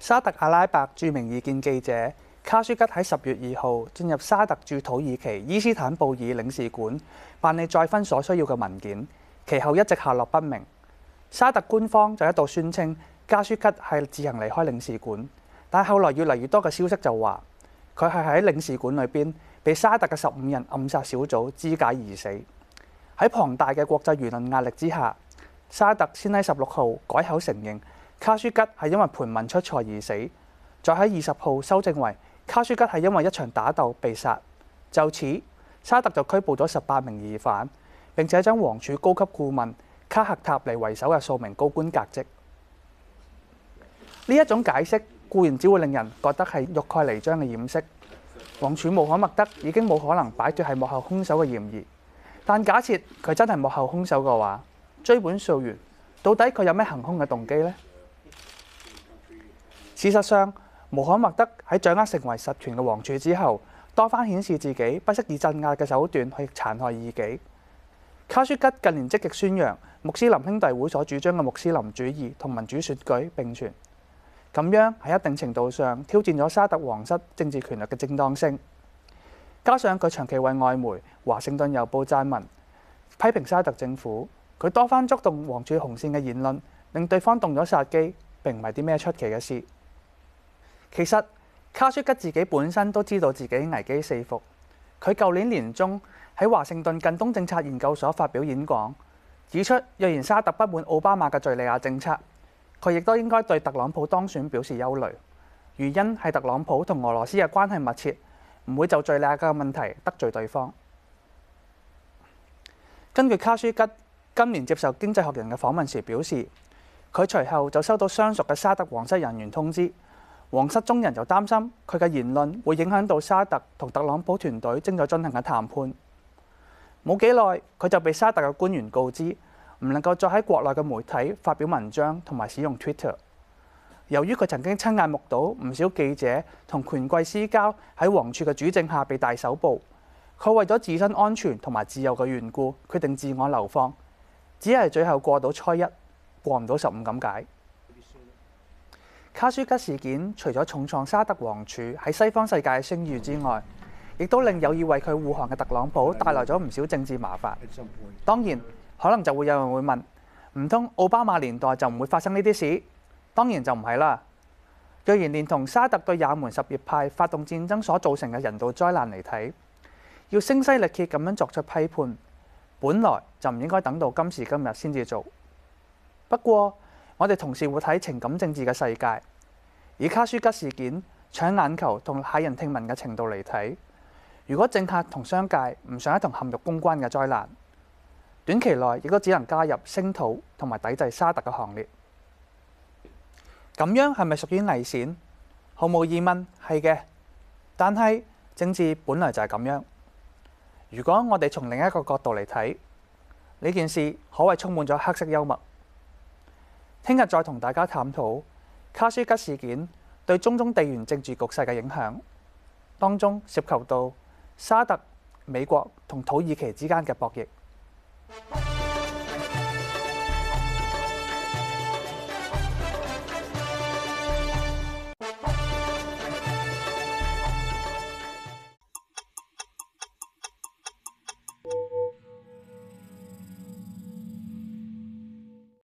沙特阿拉伯著名異見記者卡舒吉喺十月二號進入沙特駐土耳其伊斯坦布爾領事館辦理再婚所需要嘅文件，其後一直下落不明。沙特官方就一度宣稱卡舒吉係自行離開領事館，但後來越嚟越多嘅消息就話佢係喺領事館裏邊被沙特嘅十五人暗殺小組肢解而死。喺龐大嘅國際輿論壓力之下，沙特先喺十六號改口承認。卡舒吉係因為盤問出錯而死，再喺二十號修正為卡舒吉係因為一場打鬥被殺。就此沙特就拘捕咗十八名疑犯，並且將王儲高級顧問卡赫塔尼為首嘅數名高官革職。呢一種解釋固然只會令人覺得係欲蓋彌彰嘅掩飾，王儲穆罕默德已經冇可能擺脱係幕後兇手嘅嫌疑。但假設佢真係幕後兇手嘅話，追本溯源，到底佢有咩行凶嘅動機呢？事實上，穆罕默德喺掌握成為實權嘅王儲之後，多番顯示自己不惜以鎮壓嘅手段去殘害異己。卡舒吉近年積極宣揚穆斯林兄弟會所主張嘅穆斯林主義同民主選舉並存，咁樣喺一定程度上挑戰咗沙特皇室政治權力嘅正當性。加上佢長期為外媒《華盛頓郵報》撰文，批評沙特政府，佢多番觸動王儲紅線嘅言論，令對方動咗殺機，並唔係啲咩出奇嘅事。其實卡舒吉自己本身都知道自己危機四伏。佢舊年年中喺華盛頓近東政策研究所發表演講，指出若然沙特不滿奧巴馬嘅敍利亞政策，佢亦都應該對特朗普當選表示憂慮。原因係特朗普同俄羅斯嘅關係密切，唔會就敍利亞嘅問題得罪對方。根據卡舒吉今年接受《經濟學人》嘅訪問時表示，佢隨後就收到相熟嘅沙特皇室人員通知。皇室中人就擔心佢嘅言論會影響到沙特同特朗普團隊正在進行嘅談判。冇幾耐，佢就被沙特嘅官員告知唔能夠再喺國內嘅媒體發表文章同埋使用 Twitter。由於佢曾經親眼目睹唔少記者同權貴私交喺王儲嘅主政下被大搜捕，佢為咗自身安全同埋自由嘅緣故，決定自我流放。只係最後過到初一，過唔到十五咁解。卡舒吉事件除咗重創沙特王儲喺西方世界嘅聲譽之外，亦都令有意為佢護航嘅特朗普帶來咗唔少政治麻煩。當然，可能就會有人會問：唔通奧巴馬年代就唔會發生呢啲事？當然就唔係啦。若然連同沙特對也門什葉派發動戰爭所造成嘅人道災難嚟睇，要聲嘶力竭咁樣作出批判，本來就唔應該等到今時今日先至做。不過，我哋同時會睇情感政治嘅世界，以卡舒吉事件搶眼球同駭人聽聞嘅程度嚟睇，如果政客同商界唔想一同陷入公關嘅災難，短期內亦都只能加入聲討同埋抵制沙特嘅行列。咁樣係咪屬於偽善？毫無疑問係嘅。但係政治本來就係咁樣。如果我哋從另一個角度嚟睇，呢件事可謂充滿咗黑色幽默。聽日再同大家探討卡舒吉事件對中東地緣政治局勢嘅影響，當中涉及到沙特、美國同土耳其之間嘅博弈。